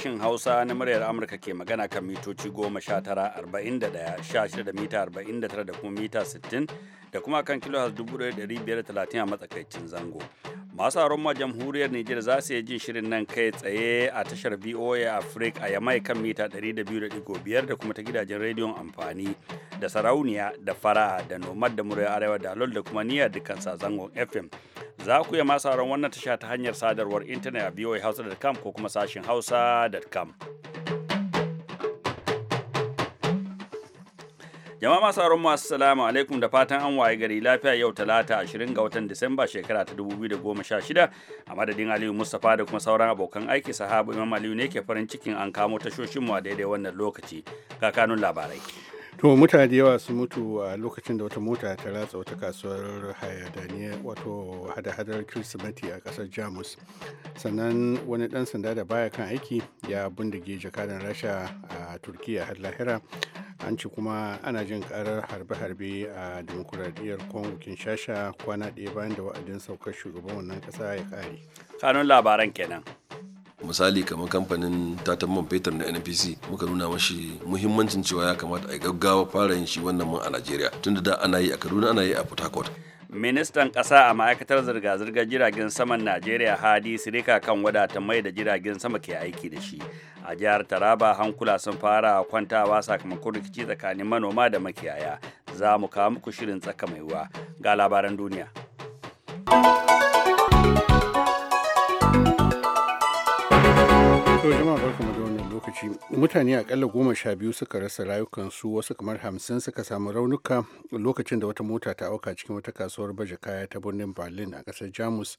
sashin Hausa na muryar Amurka ke magana kan mitoci 19, 41, 16 da mita 49 da kuma mita sittin. da kuma kan kilo 1530 a matsakaicin zango. Masu aron ma jamhuriyar Nijar za su yi jin shirin nan kai tsaye a tashar VOA Africa a Yamai kan mita 200.5 da kuma ta gidajen rediyon amfani da sarauniya da fara da nomad da murai arewa da lol da kuma niyyar dukkan zangon FM. Za ku iya masu aron wannan tasha ta hanyar sadarwar intanet a hausa.com ko kuma sashin hausa.com. Jama'a masu sauraron mu assalamu alaikum da fatan an waye gari lafiya yau talata 20 ga watan Disamba shekara ta 2016 a madadin Aliyu Mustapha da kuma sauran abokan aiki sahabu Imam Aliyu ne ke farin cikin an kamo tashoshin mu a daidai wannan lokaci ga kanun labarai. To mutane da yawa su mutu a lokacin da wata mota ta ratsa wata kasuwar hayadaniya wato hada-hadar Kirsimeti a kasar Jamus. Sannan wani dan sanda da baya kan aiki ya bindige jakadan Rasha a Turkiya har lahira. an ci kuma ana jin karar harbe-harbe a demokuraɗiyyar congo kinshasa kwana ɗaya bayan da wa'adin saukar shugaban wannan ƙasa ya ƙare kanun labaran kenan misali kamar kamfanin tatan man fetur na npc muka nuna mashi muhimmancin cewa ya kamata a gaggawa fara yin shi wannan man a najeriya tunda da ana yi a kaduna ana yi a port harcourt ministan ƙasa a ma'aikatar zirga-zirgar jiragen saman najeriya hadi sirika kan wadata mai da jiragen sama ke aiki da shi a jihar taraba hankula sun fara kwantawa sakamakon rikici tsakanin manoma da makiyaya za mu kawo muku shirin tsaka mai ga labaran duniya To jama'a barkamu da wannan lokaci mutane akalla goma sha biyu suka rasa rayukansu wasu kamar hamsin suka samu raunuka lokacin da wata mota ta auka cikin wata kasuwar baje kaya ta birnin Berlin a kasar Jamus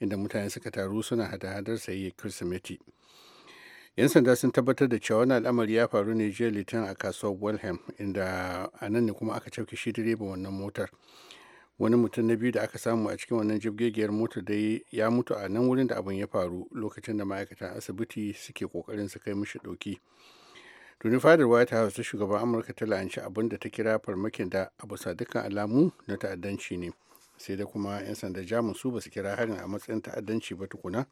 inda mutane suka taru suna hada-hadar saye Kirsimeti. 'Yan sanda sun tabbatar da cewa wani al'amari ya faru ne jiya Litinin a kasuwar Wilhelm inda a nan ne kuma aka cauke shi direban wannan motar. wani mutum na biyu da aka samu a cikin wannan jibgegiyar mota da ya mutu a nan wurin da abin ya faru lokacin da ma'aikatan asibiti suke kokarin su kai mishi ɗauki. tuni fadar white house ta shugaban amurka ta la'anci abin da ta kira farmakin da a bisa dukkan alamu na ta'addanci ne sai da kuma 'yan sanda jamus su basu kira harin a matsayin ta'addanci ba tukuna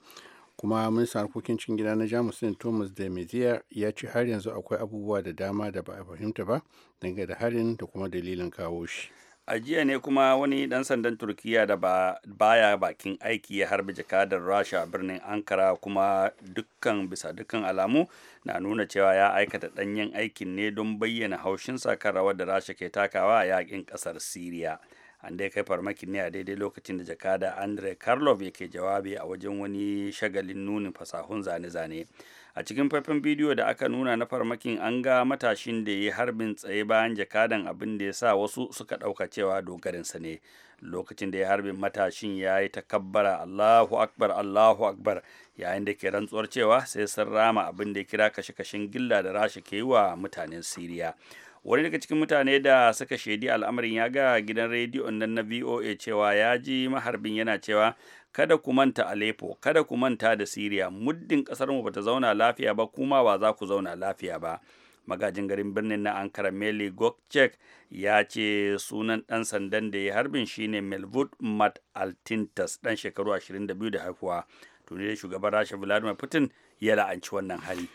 kuma ministan harkokin cin gida na jamus din thomas de maizière ya ci har yanzu akwai abubuwa da dama da ba a fahimta ba dangane da harin da kuma dalilin kawo shi a jiya ne kuma wani dan sandan turkiya da ba, baya bakin aiki ya harbi jakadar rasha a birnin ankara kuma dukkan bisa dukkan alamu na nuna cewa ya aikata danyen aikin ne don bayyana haushinsa haushin rawar da rasha ke takawa a yakin kasar siriya an dai kai farmaki ne a daidai lokacin da jakada andre karlov yake jawabi a wajen wani shagalin nunin fasahun zane-zane a cikin faifan bidiyo da aka nuna na farmakin an ga matashin da ya harbin tsaye bayan jakadan abin da ya sa wasu suka ɗauka cewa dogarinsa ne lokacin da ya harbin matashin ya yi ta kabbara allahu akbar allahu akbar yayin da ke rantsuwar cewa sai sun rama abin da ya kira kashe-kashen gilla da rasha ke yi wa mutanen siriya wani daga cikin mutane da suka shaidi al'amarin ya ga gidan rediyon nan na voa cewa ya ji maharbin yana cewa kada ku manta Aleppo kada ku manta da Syria muddin kasar mu bata zauna lafiya ba kuma ba za ku zauna lafiya ba magajin garin birnin na Ankara Meli Gokcek ya ce sunan dan sandan da ya harbin shine Melvud Mat Altintas dan shekaru 22 da haihuwa tuni shugaban Rasha Vladimir Putin ya la'anci wannan hali.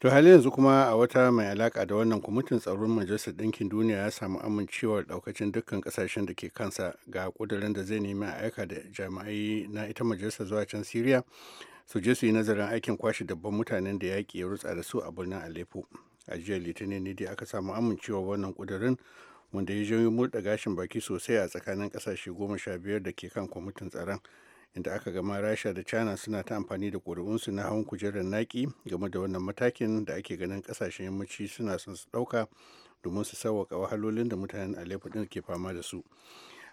to hali yanzu kuma a wata mai alaka da wannan kwamitin tsaron majalisar ɗinkin duniya ya samu amincewar ɗaukacin dukkan kasashen da ke kansa ga kudurin da zai nemi a aika da jami'ai na ita majalisar zuwa can siriya su je su yi nazarin aikin kwashe dabban mutanen da yaƙi ya rutsa da su a birnin aleppo a jiya litinin ne dai aka samu amincewar wannan kudurin wanda ya janyo murɗa gashin baki sosai a tsakanin ƙasashe goma sha biyar da ke kan kwamitin tsaron inda aka gama rasha da china suna ta amfani da ƙuri'unsu na hawan kujerar naki game da wannan matakin da ake ganin ƙasashen yammaci suna son su ɗauka domin su sauwaka wahalolin da mutanen aleppo ɗin ke fama da su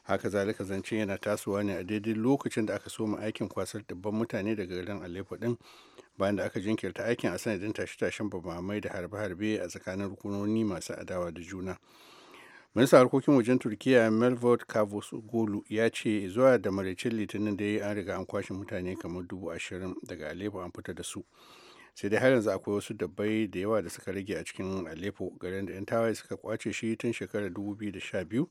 haka zalika zancen yana tasowa ne a daidai lokacin da aka so soma aikin kwasar dubban mutane daga garin aleppo ɗin bayan da aka jinkirta aikin a sanadin tashe-tashen bamamai da harbe-harbe a tsakanin rukunoni masu adawa da juna minista harkokin wajen turkiya melvod gulu ya ce zuwa da maraicin litinin da ya an riga an kwashe mutane kamar dubu ashirin daga alepo an fita da su sai dai har yanzu akwai wasu dabbai da yawa da suka rage a cikin aleppo garin da 'yan tawaye suka kwace shi tun shekarar 2012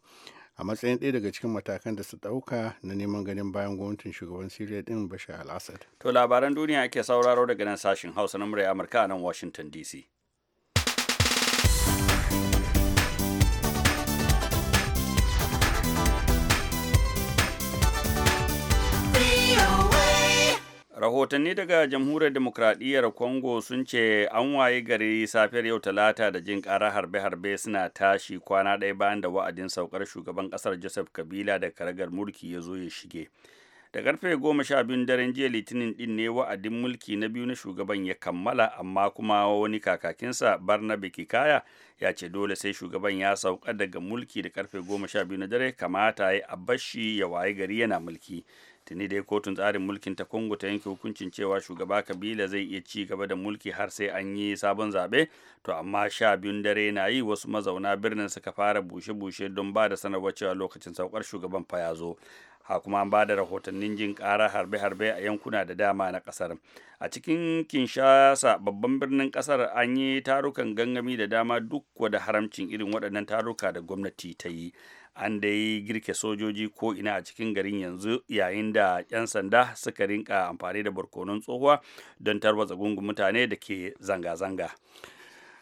a matsayin ɗaya daga cikin matakan da su ɗauka na neman ganin bayan gwamnatin shugaban siriya din bashar al-assad to labaran duniya ake sauraro daga nan sashen hausa na murya amurka a nan washington dc rahotanni daga jamhuriyar demokradiyyar congo sun ce an waye gari safiyar yau talata da jin ƙara harbe-harbe suna tashi kwana ɗaya bayan da wa'adin saukar shugaban ƙasar joseph kabila da karagar mulki ya zo ya shige da karfe goma sha biyun daren jiya litinin din ne wa'adin mulki na biyu na shugaban ya kammala amma kuma wani kakakinsa barna kikaya ya ce dole sai shugaban ya sauka daga mulki da karfe goma sha biyu na dare kamata ya bashi ya waye gari yana mulki tuni dai kotun tsarin mulkin ta kongo ta yanke hukuncin cewa shugaba kabila zai iya ci gaba da mulki har sai an yi sabon zaɓe to amma sha biyun dare na yi wasu mazauna birnin suka fara bushe-bushe don ba da sanarwar cewa lokacin saukar shugaban fa ya zo ha kuma an ba da rahotannin jin ƙara harbe-harbe a yankuna da dama na ƙasar a cikin kinshasa babban birnin ƙasar an yi tarukan gangami da dama duk da haramcin irin waɗannan taruka da gwamnati ta yi an da yi girke sojoji ko ina a cikin garin yanzu yayin da 'yan sanda suka rinka amfani da barkonon tsohuwa don tarwatsa gungun mutane da ke zanga-zanga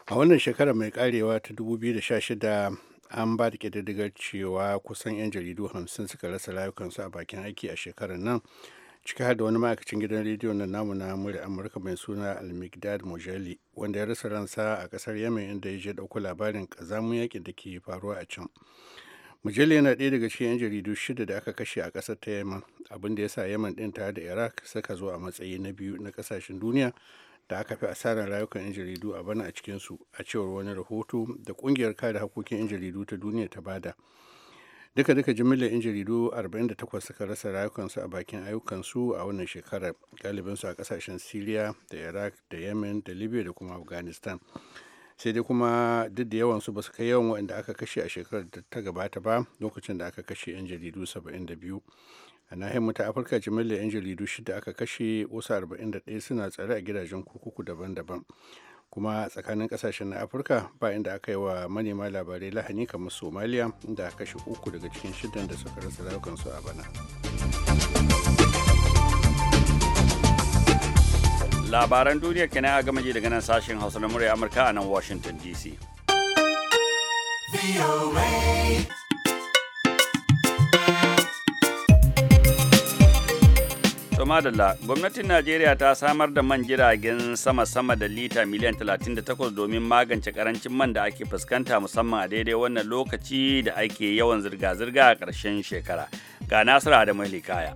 a wannan shekarar mai karewa ta 2016 an ba da ƙididdigar cewa kusan 'yan jaridu 50 suka rasa rayukansu a bakin aiki a shekarar nan ciki har da wani ma'aikacin gidan rediyo na namu na murya amurka mai suna almigdad mojali wanda ya rasa ransa a kasar yamen inda ya je ɗauko labarin kazamun yakin da ke faruwa a can mujalli yana ɗaya daga cikin 'yan jaridu shida da aka kashe a ƙasar ta yaman abin da ya sa yaman ɗin tare da iraq suka zo a matsayi na biyu na ƙasashen duniya da aka fi asarar rayukan 'yan jaridu a bana a cikinsu a cewar wani rahoto da ƙungiyar kare hakokin 'yan jaridu ta duniya ta bada duka duka jimillar 'yan jaridu 48 suka rasa rayukansu a bakin ayyukansu a wannan shekarar galibinsu a kasashen syria da iraq da yemen da libya da kuma afghanistan sai dai kuma duk da yawan su ba su kai yawan waɗanda aka kashe a shekarar da ta gabata ba lokacin da aka kashe 'yan jaridu 72 a nahiyar mu ta afirka jimillar 'yan jaridu shida aka kashe wasu ɗaya suna tsare a gidajen kurkuku daban-daban kuma tsakanin kasashen na afirka ba inda aka yi wa manema labarai lahani kamar somaliya inda aka kashe uku daga cikin shidan da suka rasa rayukansu a bana labaran duniya kenan a gama ji daga nan sashen hausa na murya amurka a nan washington dc madalla gwamnatin najeriya ta samar da man jiragen sama-sama da lita miliyan 38 domin magance karancin man da ake fuskanta musamman a daidai wannan lokaci da ake yawan zirga-zirga a ƙarshen shekara ga nasiru adamu kaya.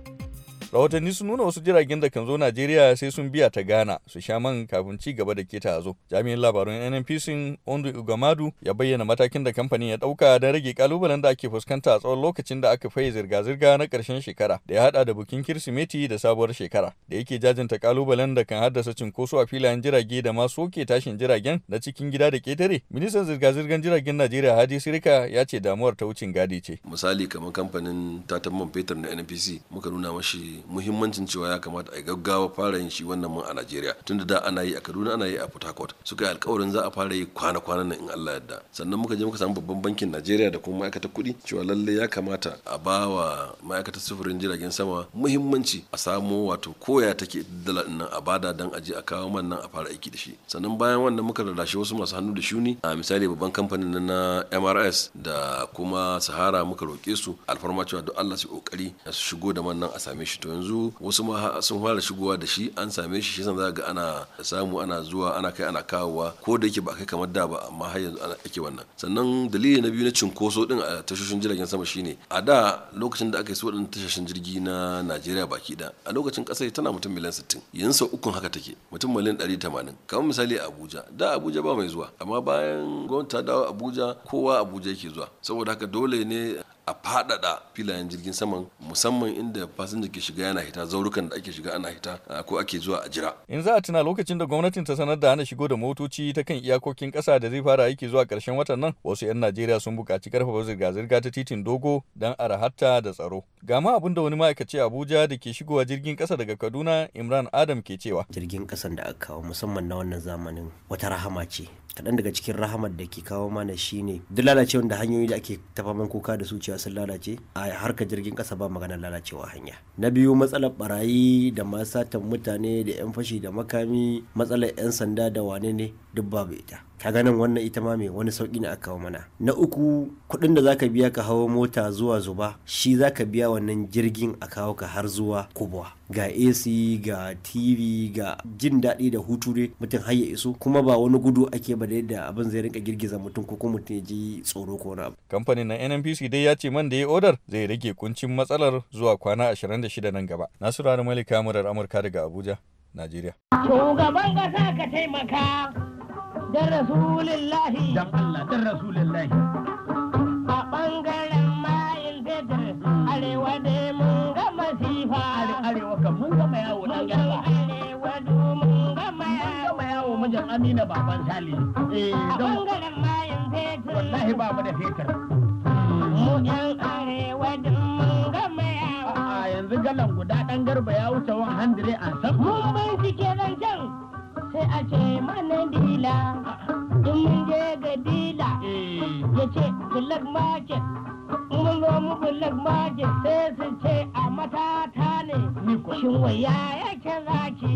rahotanni sun nuna wasu jiragen da kan zo najeriya sai sun biya ta ghana su sha man kafin ci gaba da keta zo jami'in labarun nnpc Ondo ugamadu ya bayyana matakin da kamfanin ya dauka don rage kalubalen da ake fuskanta a tsawon lokacin da aka faye zirga-zirga na karshen shekara da ya hada da bukin kirsimeti da sabuwar shekara da yake jajinta kalubalen da kan haddasa cinkoso a filayen jirage da ma soke tashin jiragen na cikin gida da ketare ministan zirga-zirgar jiragen najeriya hadi sirika ya ce damuwar ta wucin gadi ce misali kamar kamfanin tatan man fetur na nnpc muka nuna mashi muhimmancin cewa ya kamata a gaggawa fara yin shi wannan mun a Najeriya tun da ana yi a Kaduna ana yi a Port Harcourt suka yi alƙawarin za a fara yi kwana-kwanan nan in Allah yarda sannan muka je muka samu babban bankin Najeriya da kuma ma'aikatar kuɗi cewa lalle ya kamata a bawa ma'aikatar sufurin jiragen sama muhimmanci a samo wato koya take dala nan a bada dan aje a kawo man nan a fara aiki da shi sannan bayan wannan muka rarrashi wasu masu hannu da shuni a misali babban kamfanin na MRS da kuma Sahara muka roƙe su alfarma cewa duk Allah su kokari su shigo da man nan a same shi to yanzu wasu ma sun fara shigowa da shi an same shi shi san za ga ana samu ana zuwa ana kai ana kawowa ko da yake ba kai kamar da ba amma har yanzu ake wannan sannan dalili na biyu na cinkoso din a tashoshin jiragen sama shine a da lokacin da aka yi waɗannan tashoshin jirgi na Najeriya baki da a lokacin kasar tana mutum miliyan sittin yanzu sau ukun haka take mutum miliyan 180 kamar misali Abuja da Abuja ba mai zuwa amma bayan gwamnati ta dawo Abuja kowa Abuja yake zuwa saboda haka dole ne a faɗaɗa filayen jirgin saman musamman inda fasinja ke shiga yana hita zaurukan da ake shiga ana hita ko ake zuwa a jira. In za a tuna lokacin da gwamnatin ta sanar da hana shigo da motoci ta kan iyakokin ƙasa da zai fara aiki zuwa ƙarshen watan nan wasu 'yan Najeriya sun buƙaci karfafa zirga-zirga ta titin dogo don arahatta da tsaro. gama ma abin da wani ma'aikaci Abuja da ke shigowa jirgin ƙasa daga Kaduna Imran Adam ke cewa. Jirgin ƙasan da aka kawo musamman na wannan zamanin wata rahama ce. Kaɗan daga cikin rahamar da ke kawo mana shine duk lalacewar da hanyoyi da ake tafaman kuka da su cewa riga sun lalace a harka jirgin kasa ba maganar lalacewa hanya na biyu matsalar barayi da masatan satan mutane da yan fashi da makami matsalar yan sanda da wane ne duk babu ita ka ganin wannan ita ma mai wani sauki ne aka mana na uku kuɗin da zaka biya ka hawo mota zuwa zuba shi zaka biya wannan jirgin a kawo ka har zuwa kubuwa ga AC ga TV ga jin daɗi da hutu dai mutum har ya iso kuma ba wani gudu ake ba da yadda abin zai rinka girgiza mutum ko kuma mutum ya ji tsoro ko wani abu kamfanin na NNPC dai ya ce man da ya odar zai rage kuncin matsalar zuwa kwana 26 nan gaba Nasiru Malika Murar Amurka daga Abuja Najeriya shugaban ƙasa ka taimaka dan rasulillahi dan Allah dan rasulillahi a bangaren mayin fetur arewa ne mun ga masifa arewa kan mun gama yawo dan garba arewa du mun ga yawo mun jan amina baban sali eh dan bangaren mayin fetur wallahi ba mu da fetur mu yan arewa du mun ga yawo a yanzu galan guda dan garba ya wuce 100 an san mun bincike nan jan sai a ce mana dila in mun je ga dila eh. ya ce black market mun zo mu black market sai su ce a matata ne shin waya yake zaki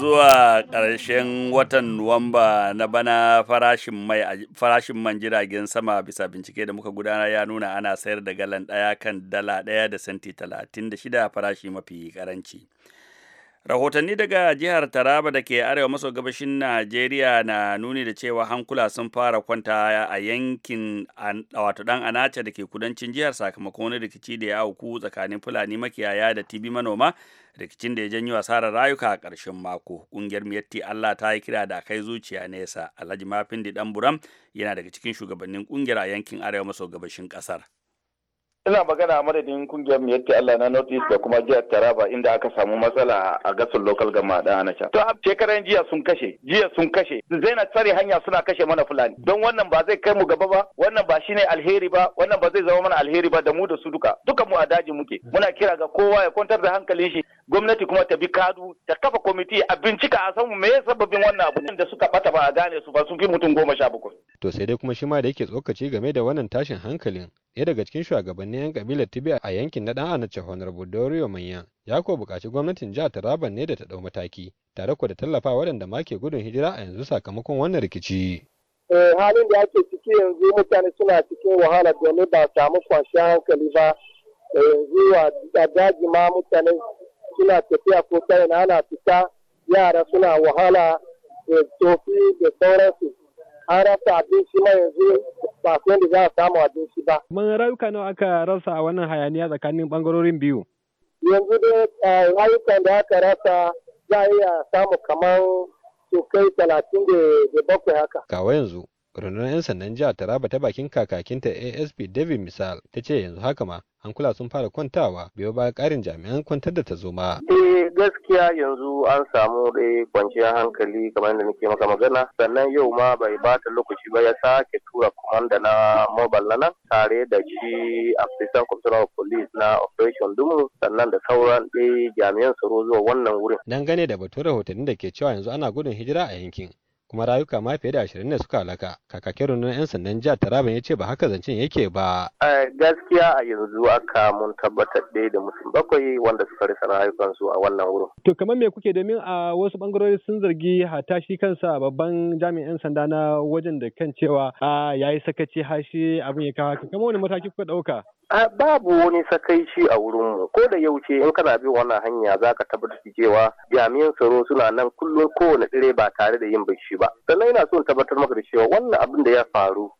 zuwa ƙarshen watan nuwamba na bana farashin mai farashin man jiragen sama bisa bincike da muka gudana ya nuna ana sayar da galan ɗaya kan dala ɗaya da senti talatin da shida farashi mafi karanci. Rahotanni daga jihar Taraba da ke arewa maso gabashin Najeriya na nuni da cewa hankula sun fara kwanta a yankin wato dan anace da ke kudancin jihar sakamakon wani rikici da ya auku tsakanin Fulani makiyaya da tibi manoma rikicin da ya janyo asarar rayuka a ƙarshen mako. Ƙungiyar Miyatti Allah ta yi kira da kai zuciya nesa. Alhaji Mafindi Dan Buram yana daga cikin shugabannin ƙungiyar a yankin arewa maso gabashin ƙasar. ina magana a madadin kungiyar miyatti Allah na North East da kuma jihar Taraba inda aka samu matsala a gasar local gama da Anacha. To shekaran jiya sun kashe, jiya sun kashe. Zainab tsare hanya suna kashe mana Fulani. Don wannan ba zai kai mu gaba ba, wannan ba shine alheri ba, wannan ba zai zama mana alheri ba da mu da su duka. Duka mu a daji muke. Muna kira ga kowa ya kwantar da hankalin shi. gwamnati kuma ta bi kadu ta kafa kwamiti a bincika a san me sababin wannan abu da suka bata ba a gane su ba sun fi mutum goma sha bakwai. To sai dai kuma shi ma da yake tsokaci game da wannan tashin hankalin ɗaya daga cikin shugabannin 'yan kabilar Tibia a yankin na ɗan Anace honar budoriyo Manya ya ko buƙaci gwamnatin jihar Taraban ne da ta ɗau mataki tare ko da tallafa waɗanda ma ke gudun hijira a yanzu sakamakon wannan rikici. Eh, halin da ake ciki yanzu mutane suna cikin wahala domin ba samu kwanciyar hankali ba eh, yanzu a daji ma mutane suna tafiya ko ta ana fita yara suna wahala da tofi da sauransu an rasa abinci ma yanzu ba su yadda za a samu abinci ba. Mun rayuka nawa aka rasa a wannan hayaniya tsakanin bangarorin biyu? Yanzu dai rayukan da aka rasa za a iya samu kamar su kai talatin da bakwai haka. Kawai yanzu rundunar 'yan sandan jihar taraba ta bakin kakakinta asp david misal ta ce yanzu haka ma an kula sun fara kwantawa biyo ba karin jami'an kwantar da ta zo ma. eh gaskiya yanzu an samu dai kwanciyar hankali kamar da nake maka magana sannan yau ma bai ba ta lokaci ba ya sake tura komanda na mobile na nan tare da shi assistant commissioner of police na operation dumu sannan da sauran dai jami'an tsaro zuwa wannan wurin. dangane da batun rahotanni da ke cewa yanzu ana gudun hijira a yankin kuma rayuka ma fiye da ashirin ne suka halaka kakakin rundunar 'yan sandan jihar taraban ya ce ba haka zancen yake ba. gaskiya a yanzu aka mun tabbatar ɗaya da mutum bakwai wanda suka rasa rayukansu a wannan wurin. to kamar me kuke domin a wasu bangarori sun zargi hatashi kansa babban jami'in 'yan sanda na wajen da kan cewa ah, ya yi sakaci hashi abin ya kawo haka kamar wani mataki kuka ɗauka. babu wani sakaici a wurinmu ko da yauce in kana bin wannan hanya za ka tabbatar cewa jami'an tsaro suna nan kullum kowane tsire ba tare da yin bacci ba sannan ina son tabbatar maka da cewa wannan abin da ya faru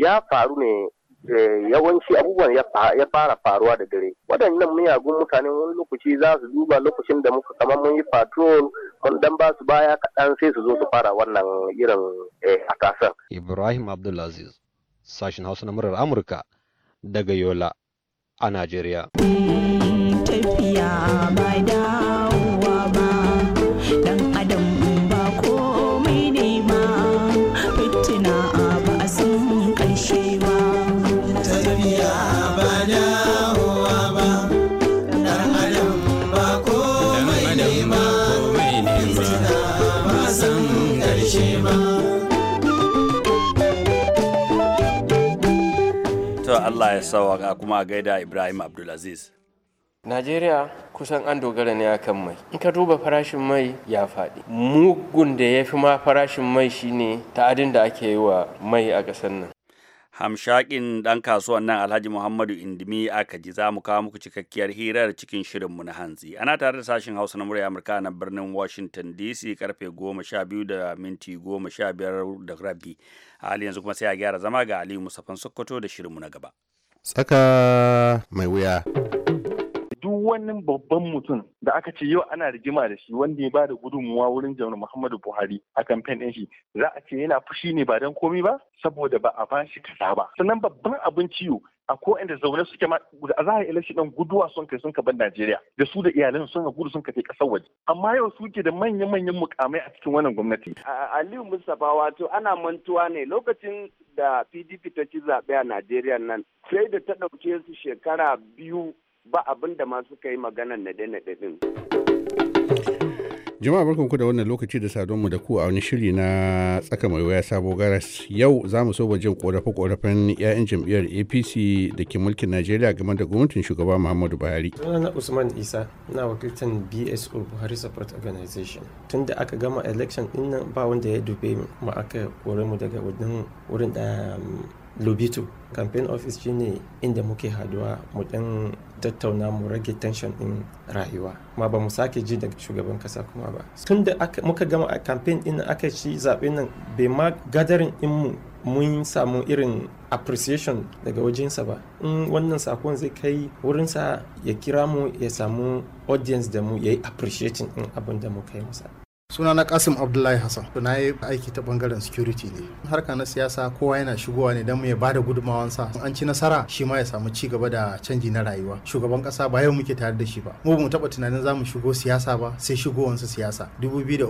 ya faru ne eh, yawanci abubuwan ya fara faruwa da dare waɗannan miyagun mutane wani lokaci za su duba lokacin da muka kamar mun yi patrol wani dan ba su baya kaɗan sai su zo su fara wannan irin eh, a ibrahim abdulaziz sashen hausa na murar amurka daga Yola a Najeriya. Tafiya Allah ya sauwaka kuma a gaida Ibrahim Abdulaziz. Najeriya kusan an dogara ne akan mai. In ka duba farashin mai ya faɗi. Mugun da ya fi ma farashin mai shine adin da ake yi wa mai a ƙasar nan. Hamshakin ɗan kasuwan nan Alhaji Muhammadu Indimi aka ji za mu kawo muku cikakkiyar hirar cikin shirinmu na hanzi. Ana tare da sashen Hausa na murya Amurka na birnin Washington DC karfe goma sha biyu da minti goma sha da rabi. A hali yanzu kuma sai a gyara zama ga Aliyu Musafan Sokoto da shirin mu na gaba. tsaka mai wuya. duk wani babban mutum da aka ce yau ana rigima da shi wanda ya bada gudunmuwa wurin janar Muhammadu Buhari a kamfen ɗin shi za a ce yana fushi ne ba don komi ba saboda ba a ba shi kaza ba sannan babban abin ciwo a ko inda zaune suke ma a zahar ilashi ɗin guduwa sun kai sun ka ban Najeriya da su da iyalan sun gudu sun ka kai kasar waje amma yau su ke da manyan manyan mukamai a cikin wannan gwamnati Aliyu Mustapha wato ana mantuwa ne lokacin da PDP ta ci zaɓe a Najeriya nan sai da ta ɗauke su shekara biyu ba abin da ma suka yi maganar naɗe naɗe din. jama'a barkanku da wannan lokaci da mu da ku a wani shiri na tsaka mai waya sabo garas yau za mu so jin korafe-korafen 'ya'yan jam'iyyar apc da ke mulkin najeriya game da gwamnatin shugaba muhammadu buhari na usman isa na wakiltar bso buhari support organization tun da aka gama election din nan ba wanda ya dube mu aka kore mu daga wurin da um, lobito campaign office ne inda muke haduwa mu dan tattauna mu rage tension din rayuwa ma ba mu sake ji daga shugaban kasa kuma ba tun da muka gama a campaign din aka ci zaɓe nan bai ma gadarin in mu mun samu irin appreciation daga wajensa ba in wannan sakon zai kai wurinsa ya kira mu ya samu audience da mu ya yi appreciating din abin da mu kai masa Suna na kasim abdullahi hassan na yi aiki ta bangaren security ne harka na siyasa kowa yana shigowa ne don mu ya bada gudunmawansa an ci nasara shi ma ya samu ci gaba da canji na rayuwa shugaban kasa ba yau muke tare da shi ba mu mu taba tunanin za mu shigo siyasa ba sai shigowansa siyasa 2003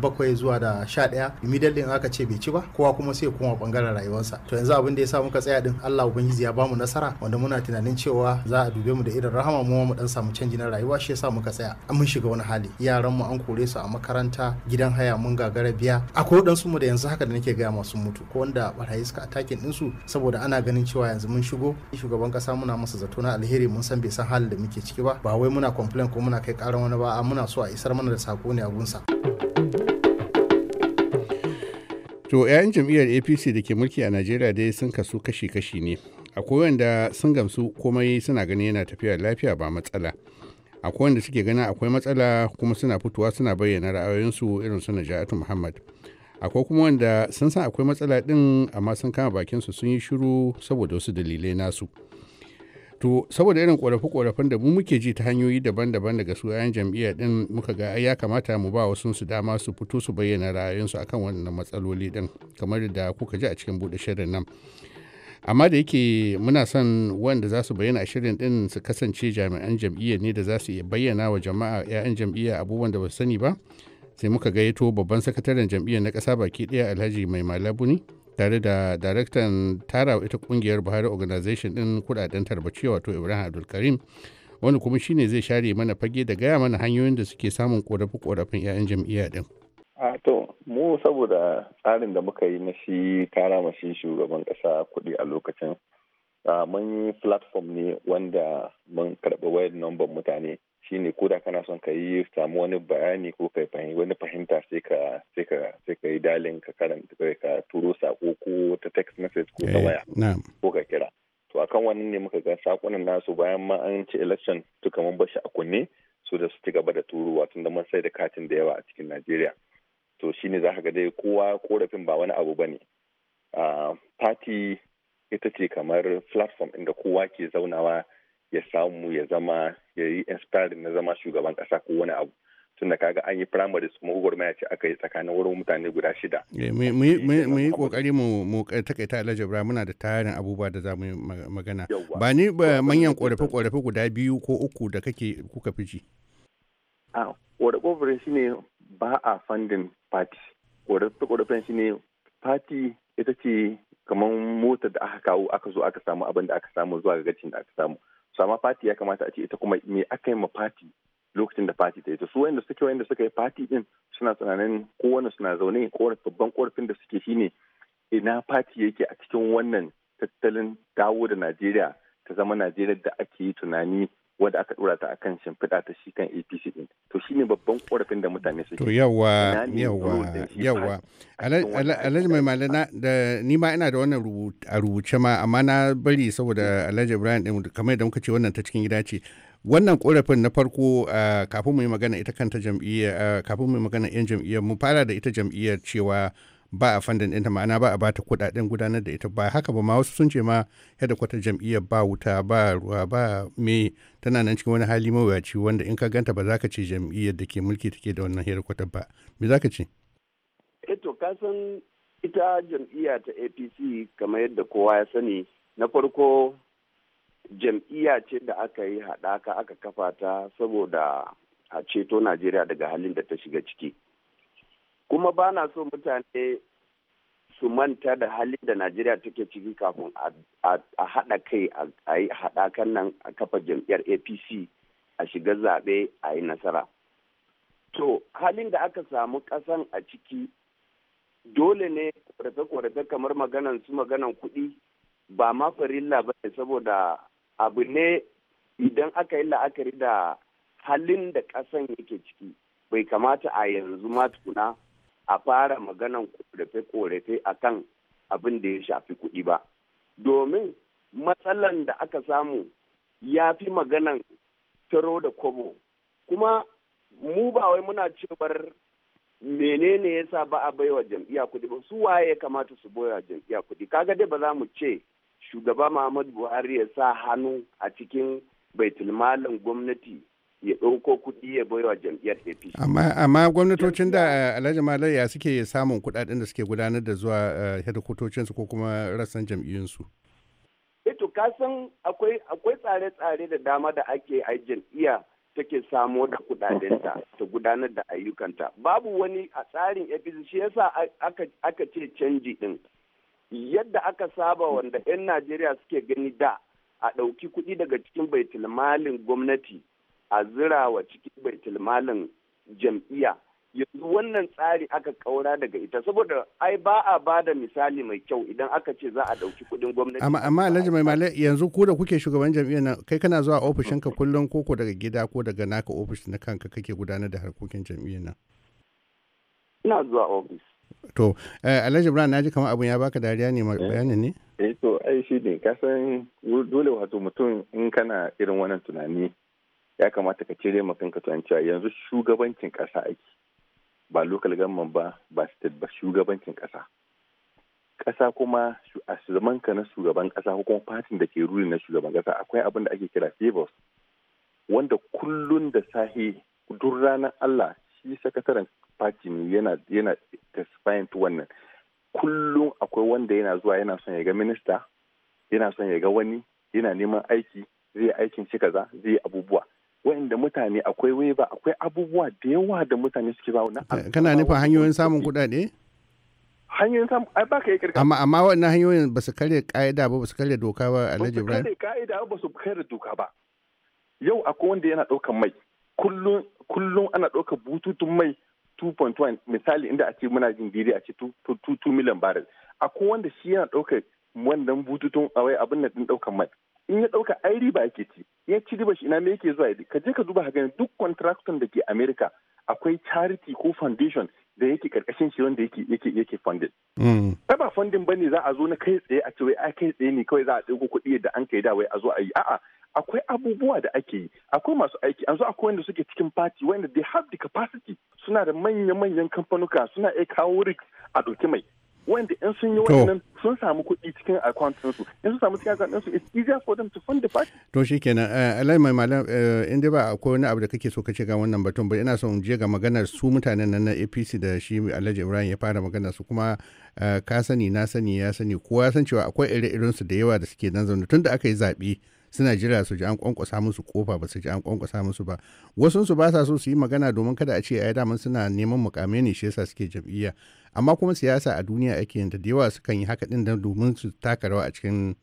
2007 zuwa da 11 immediately aka ce bai ci ba kowa kuma sai kuma bangaren rayuwarsa to yanzu abin da ya sa muka tsaya din Allah ubangiji ya bamu nasara wanda muna tunanin cewa za a dube mu da irin rahama mu mu dan samu canji na rayuwa shi yasa muka tsaya an mun shiga wani hali yaran mu an kore su a makaranta gidan haya mun gagara biya akwai waɗansu mu da yanzu haka da nake gaya masu mutu ko wanda barayi suka din su saboda ana ganin cewa yanzu mun shigo shugaban kasa muna masa zato na alheri mun san bai san halin da muke ciki ba ba wai muna complain ko muna kai ƙaran wani ba muna so a isar mana da sako ne a gunsa. To 'ya'yan jam'iyyar APC da ke mulki a Najeriya dai sun kasu kashi-kashi ne. Akwai wanda sun gamsu komai suna ganin yana tafiya lafiya ba matsala. akwai wanda suke ganin akwai matsala kuma suna fitowa suna bayyana ra'ayoyinsu irin su najatu muhammad akwai kuma wanda sun san akwai matsala din amma sun kama bakin su sun yi shiru saboda wasu dalilai nasu to saboda irin korafi-korafin da mu muke ji ta hanyoyi daban-daban daga su 'yan jam'iyyar din muka ga ya kamata mu ba wasu su dama su fito su bayyana ra'ayinsu akan wannan matsaloli din kamar da kuka ji a cikin buɗe shirin nan amma da yake muna son wanda za su bayyana shirin din su kasance jami'an jam'iyya ne da za su iya bayyana wa jama'a 'ya'yan jam'iyya abubuwan da ba su sani ba sai muka gayyato babban sakataren jam'iyyar na ƙasa baki ɗaya alhaji mai malabuni tare da daraktan tara ita kungiyar buhari organization din kudaden tarbace wato ibrahim abdulkarim wani kuma shine zai share mana fage da gaya mana hanyoyin da suke samun korafi korafin 'ya'yan jam'iyya din ah, to mu saboda tsarin da muka yi na shi kara mashi shugaban kasa kuɗi a lokacin mun yi platform ne wanda mun karɓi wayar nomban mutane shine ko da kana son ka yi samu wani bayani ko ka wani fahimta sai ka sai ka sai ka yi dalin ka karanta ka turo sako ko ta text message ko ta eh, waya ko ka kira to akan wannan ne muka ga sakonan nasu bayan ma an ci election to mun bashi a kunne su da su ci gaba da turuwa tun da mun sai da katin da yawa a cikin Najeriya to shi ne za ka ga dai kowa korafin ba wani abu ba ne fati ita ce kamar platform inda kowa ke zaunawa ya samu ya zama ya yi inspiring na zama shugaban kasa ko wani abu tunda kaga an yi primaries kuma ya ce aka yi tsakanin wurin mutane guda shida. Eh, mu yi kokari mu takaita alajabra muna da tarin abubuwa da za mu yi magana ba ni ba manyan korafe-korafe guda biyu ko uku da kake kuka fi ji. a korafe shi ne ba a fandin fati ƙorafe shi ne fati ita ce kamar mota da aka kawo aka zo aka samu abin da aka samu zuwa ga gacin da aka samu sama fati ya kamata a ce ita kuma me aka yi ma fati lokacin da fati ta yi su wanda suke wanda suka yi fati din suna tunanin kowane suna zaune kowane babban ƙorafin da suke shine ina fati yake a cikin wannan tattalin dawo da najeriya ta zama najeriya da ake tunani wadda aka dora ta akan shimfiɗa ta shi kan APC din to shine babban korafin da mutane suke to yawa yawa yawa alhaji mai malana da ni ma ina da wannan a rubuce ma amma na bari saboda alhaji ibrahim din kamar da muka ce wannan ta cikin gida ce wannan korafin na farko kafin mu yi magana ita kanta jam'iyya kafin mu yi magana yan jam'iyyar mu fara da ita jam'iyyar cewa ba a fandan ɗinta ma'ana ba a ba bata kuɗaɗen gudanar da ita ba haka ba ma wasu sun ce ma yadda kwata jam'iyyar ba wuta ba ruwa ba me tana nan cikin wani hali mawuyaci wanda in ka ganta ba za ka ce jam'iyyar da ke mulki take da wannan hira kwata ba me za ka ce eto eh ka san ita jam'iyya ta apc kamar yadda kowa ya sani na farko jam'iyya ce da aka yi haɗaka aka kafa ta saboda a ceto najeriya daga halin da ta shiga ciki kuma ba na so mutane su manta da halin da najeriya take ciki kafin a haɗa kai a yi haɗakan nan a kafa jam'iyyar apc a shiga zaɓe a yi nasara to halin da aka samu ƙasan a ciki dole ne korafe-korafe kamar maganan su maganan kuɗi ba ma farilla ba saboda abu ne idan aka yi la'akari da halin da ƙasan yake ciki bai kamata a yanzu ma tukuna a fara maganan korafe-korafe a kan abin da ya shafi kuɗi ba. Domin matsalan da aka samu ya fi maganan taro da kobo. Kuma mu ba wai muna cewar menene ya sa ba a baiwa jam'iyya kuɗi ba su waye kamata su baiwa jam'iyya kuɗi kaga dai ba za mu ce shugaba Muhammadu Buhari ya sa hannu a cikin baitulmalin gwamnati ya ɗauko kuɗi ya baiwa jam'iyyar APC. Amma gwamnatocin da eh, Alhaji Malaya suke samun kuɗaɗen da suke gudanar da zuwa eh, hedikwatocinsu ko kuma rassan jam'iyyunsu. Eto eh kasan akwai tsare-tsare da dama da ake a jam'iyya take samo da kuɗaɗen ta gudanar da ayyukanta. Babu wani a tsarin APC shi yasa aka ce canji din. Yadda aka saba wanda 'yan Najeriya suke gani da a ɗauki kuɗi daga cikin baitulmalin gwamnati a zira wa cikin baitulmalin jam'iyya yanzu wannan tsari aka kaura daga ita saboda ai ba a ba da misali mai kyau idan aka ce za a dauki kudin gwamnati amma amma alhaji mai mallai yanzu ko da kuke shugaban jam'iyyar nan kai kana zuwa ofishin ka kullum ko ko daga gida ko daga naka ofis na kanka kake gudanar da harkokin jam'iyyar nan ina zuwa ofis to eh, alhaji ibrahim naji kamar abun ya baka dariya ne eh. bayani ne eh to ai shi ne kasan dole wato mutum in kana irin wannan tunani ya kamata ka cire ma kanka tunanin cewa yanzu shugabancin ƙasa ake ba local government ba ba state ba shugabancin ƙasa ƙasa kuma a zaman ka na shugaban kasa ko kuma fatin da ke ruri na shugaban ƙasa akwai abin da ake kira favors wanda kullun da sahi duk ranar Allah shi sakataren fati ne yana yana testifying to wannan kullun akwai wanda yana zuwa yana son ya ga minista yana son ya ga wani yana neman aiki zai aikin shi kaza zai abubuwa wa'inda mutane akwai waiba akwai abubuwa da yawa da mutane suke ba wannan eh, kana nufin hanyoyin samun kuɗaɗe hanyoyin samun ai baka yi kirkira amma amma wannan hanyoyin ba su karya ka'ida ba ba su karya doka ba alhaji ibrahim ba su karya ka'ida ba su karya doka ba yau akwai wanda yana ɗaukan mai kullum kullum ana ɗaukar bututun mai 2.1 misali inda a ce muna jin daidai a ce 2 million barrel akwai wanda shi yana ɗaukar wannan bututun awai abin da ɗin ɗaukar mai in ya ɗauka airi ba ake ci ya ci riba shi ina me yake zuwa ka je ka duba ka duk contractor da ke America akwai charity ko foundation da yake karkashin shi wanda yake yake yake funded. Mm. ba funding bane za a zo na kai tsaye a ce wai ai kai tsaye ne kawai za a ɗauko kuɗi da an kai da wai a zo a yi a'a akwai abubuwa da ake yi akwai masu aiki an zo akwai wanda suke cikin party wanda they have the capacity suna da manya-manyan kamfanuka suna iya kawo rig a ɗauki mai wanda in sun yi wannan sun samu kuɗi cikin account su in sun samu cikin account su it's easier for them to fund the party to shikenan eh, alai mai malam eh, in dai ba akwai wani abu da kake so ka ce ga wannan batun ba ina son je ga maganar su mutanen nan na APC da shi Alhaji Ibrahim ya fara magana su kuma eh, ka sani na sani ya sani kowa ya san cewa akwai ire-iren da yawa da suke nan zaune tun da aka yi zaɓe suna jira su ji an kwankwasa musu kofa ba su ji an kwankwasa musu ba wasu su ba sa so su yi magana domin kada a ce ai daman suna neman mukame ne shi yasa suke jam'iyya amma kuma siyasa a duniya ake yin da yawa sukan yi haka din domin su taka rawa a cikin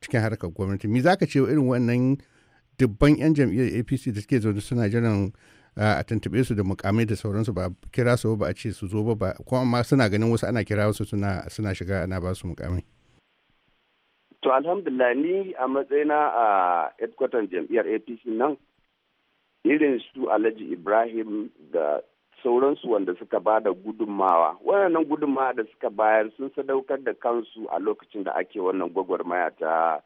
cikin harkar gwamnati me zaka ce irin wannan dubban yan jam'iyyar APC da suke zaune suna jiran a tuntube su da mukamai da sauransu ba kira su ba a ce su zo ba kuma amma suna ganin wasu ana kira wasu suna shiga ana ba su mukamai To alhamdulillah ni a matsayina a headquarter jam'iyyar APC nan irin su Alhaji Ibrahim da sauransu wanda suka ba da gudunmawa Wannan gudunmawa da suka bayar sun sadaukar da kansu a lokacin da ake wannan gwagwarmaya ta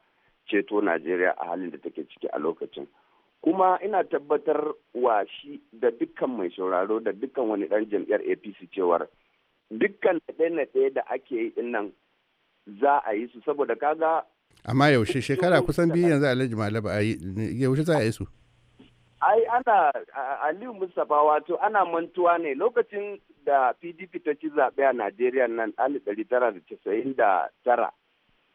ceto najeriya a halin da take ciki a lokacin kuma ina tabbatar wa shi da dukkan mai sauraro da dukkan wani dan jam'iyyar apc cewar dukkan naɗe-naɗe da ake yi nan za a yi su saboda kaga amma yaushe shekara kusan biyu yanzu alhaji malaba a yi yaushe za a yi su ai ana aliyu mustapha wato ana mantuwa ne lokacin da pdp ta ci zaɓe a najeriya nan alif ɗari tara da casa'in da tara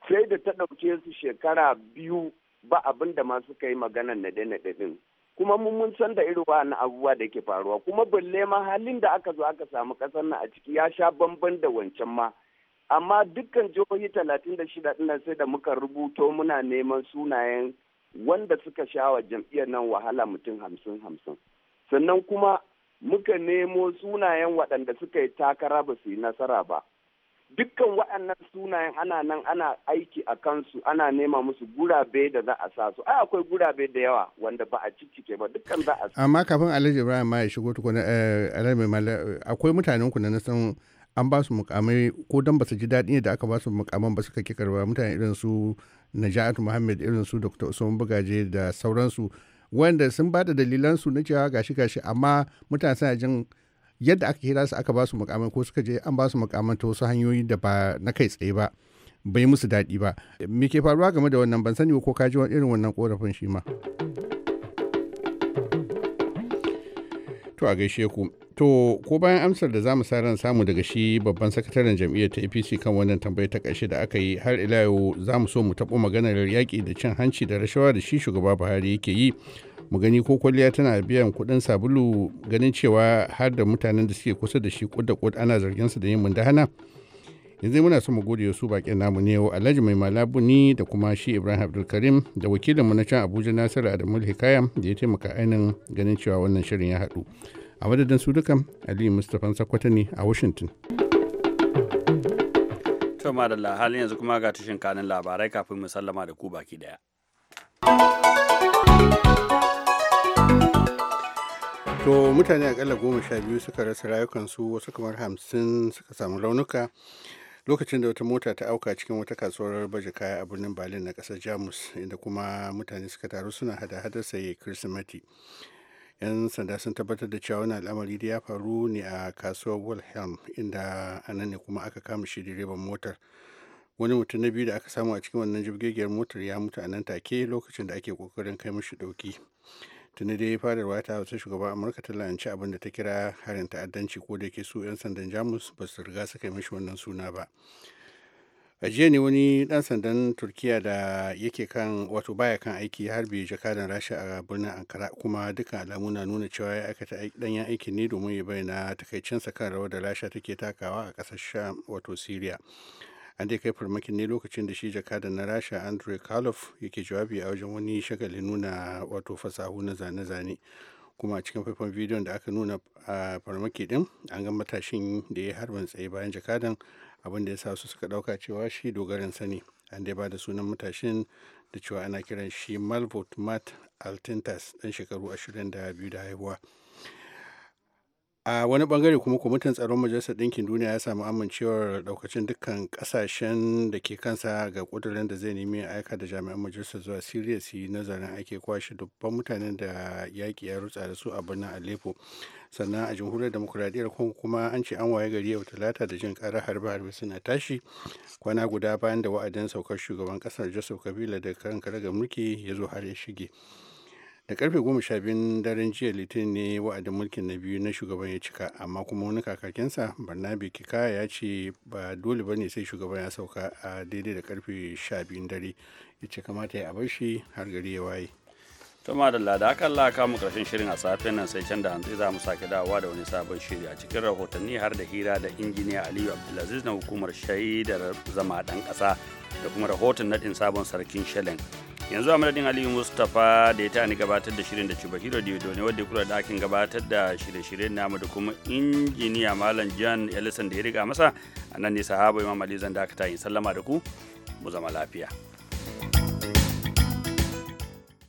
sai da ta ɗauke su shekara biyu ba abin da ma suka yi maganar na naɗe ɗin kuma mun san da irin wa'annan abubuwa da ke faruwa kuma balle ma halin da aka zo aka samu ƙasar nan a ciki ya sha bamban da wancan ma amma dukkan jihohi talatin da shida ɗin sai da muka rubuto muna neman sunayen wanda suka sha wa jam'iyyar nan wahala mutum hamsin hamsin sannan kuma muka nemo sunayen waɗanda suka yi takara ba su yi nasara ba dukkan waɗannan sunayen ana nan ana aiki a kansu ana nema musu gurabe da za a sa su ai akwai gurabe da yawa wanda ba a ciccike ba dukkan za a amma kafin alhaji ibrahim ma ya shigo tukuna eh, alhaji eh, akwai mutanen ku na san an ba su mukamai ko don ba su ji daɗi da aka ba su mukaman ba suka ki karba mutane irin su najatu muhammad irin su dr usman bugaje da sauransu wanda sun ba da dalilansu na cewa gashi gashi amma mutane suna jin yadda aka kira su aka ba su mukamai ko suka je an ba su mukaman ta wasu hanyoyi da ba na kai tsaye ba bai musu daɗi ba me ke faruwa game da wannan ban sani ko ka ji irin wannan korafin shi ma. To a gaishe ku. To ko bayan amsar da zamu ran samu daga shi babban sakataren jam'iyyar ta APC kan wannan tambaya ta ƙarshe da aka yi har ila yau zamu so mu taɓo maganar yaƙi da cin hanci da rashawa da shi shugaba Buhari yake yi. Mu gani ko kwalliya tana biyan kuɗin sabulu ganin cewa har da mutanen da suke kusa da shi kud da kud ana zargin su da yin mundahana. yanzu muna son mu gode su bakin namu ne alhaji mai malabu ni da kuma shi ibrahim abdulkarim da wakilin mu na can abuja nasiru adamu hikayam da ya taimaka ainin ganin cewa wannan shirin ya haɗu a madadin su duka aliyu mustapha sakwata ne a washington to madalla halin yanzu kuma ga tushen kanin labarai kafin mu sallama da ku baki daya to mutane akalla goma sha biyu suka rasa rayukansu wasu kamar hamsin suka samu raunuka lokacin da wata mota ta auka cikin wata kasuwar baje kaya a birnin berlin na kasar jamus inda kuma mutane suka taru suna hada hada saye kirsimati yan sanda sun tabbatar da cewa wani al'amari da ya faru ne a kasuwar wilhelm inda a nan ne kuma aka kama shi direban motar wani mutum na biyu da aka samu a cikin wannan jirgin motar ya mutu a nan take lokacin da ake kokarin kai mashi dauki tuni dai fadar wata wata shugaba amurka ta lanci abin da ta kira harin ta'addanci ko da ke su 'yan sandan jamus ba su riga suka yi mishi wannan suna ba a jiya ne wani dan sandan turkiya da yake kan wato baya kan aiki har bai jakadan rasha a birnin ankara kuma duka alamu na nuna cewa ya aikata danyen aikin ne domin ya bayyana takaicinsa kan rawar da rasha take takawa a ƙasashen wato syria an dai kai farmakin ne lokacin da shi jakada na rasha andre kalof yake jawabi a wajen wani shagali nuna wato fasahu na zane-zane kuma a cikin faifan bidiyon da aka nuna a farmaki din an ga matashin da ya harban tsaye bayan jakadan abin da ya sa su suka dauka cewa shi dogaran sani an dai ba da sunan matashin da cewa ana kiran shi malvot mat altintas dan shekaru 22 da haihuwa a wani bangare kuma kwamitin tsaron majalisar ɗinkin duniya ya samu amincewar daukacin dukkan kasashen da ke kansa ga kudurin da zai nemi aika da jami'an majalisar zuwa siriya su yi nazarin ake kwashe dubban mutanen da yaƙi ya rutsa da su a birnin aleppo sannan a jamhuriyar demokuraɗiyyar kongo kuma an ce an waye gari yau talata da jin ƙarar harbe-harbe suna tashi kwana guda bayan da wa'adin saukar shugaban ƙasar joseph kabila da kankara ga mulki ya zo har ya shige da karfe goma sha biyun daren jiya litinin ne wa'adin mulkin na biyu na shugaban ya cika amma kuma wani kakakinsa barnabe kika ya ce ba dole ba ne sai shugaban ya sauka a daidai da karfe sha biyun dare ya ce kamata ya abar shi har gari ya waye tuma da lada akan laka mu karshen shirin a safiyar nan sai can da hantsi za mu sake dawowa da wani sabon shiri a cikin rahotanni har da hira da injiniya aliyu abdulaziz na hukumar shaidar zama dan kasa da kuma rahoton nadin sabon sarkin shelen yanzu a madadin aliyu mustapha da ya ni gabatar da shirin da cibahiro da ne wadda kula da akin gabatar da shirye-shiryen namu da kuma injiniya malam jan ellison da ya riga masa a nan ne sahaba imam ali zan dakata yin sallama da ku mu zama lafiya.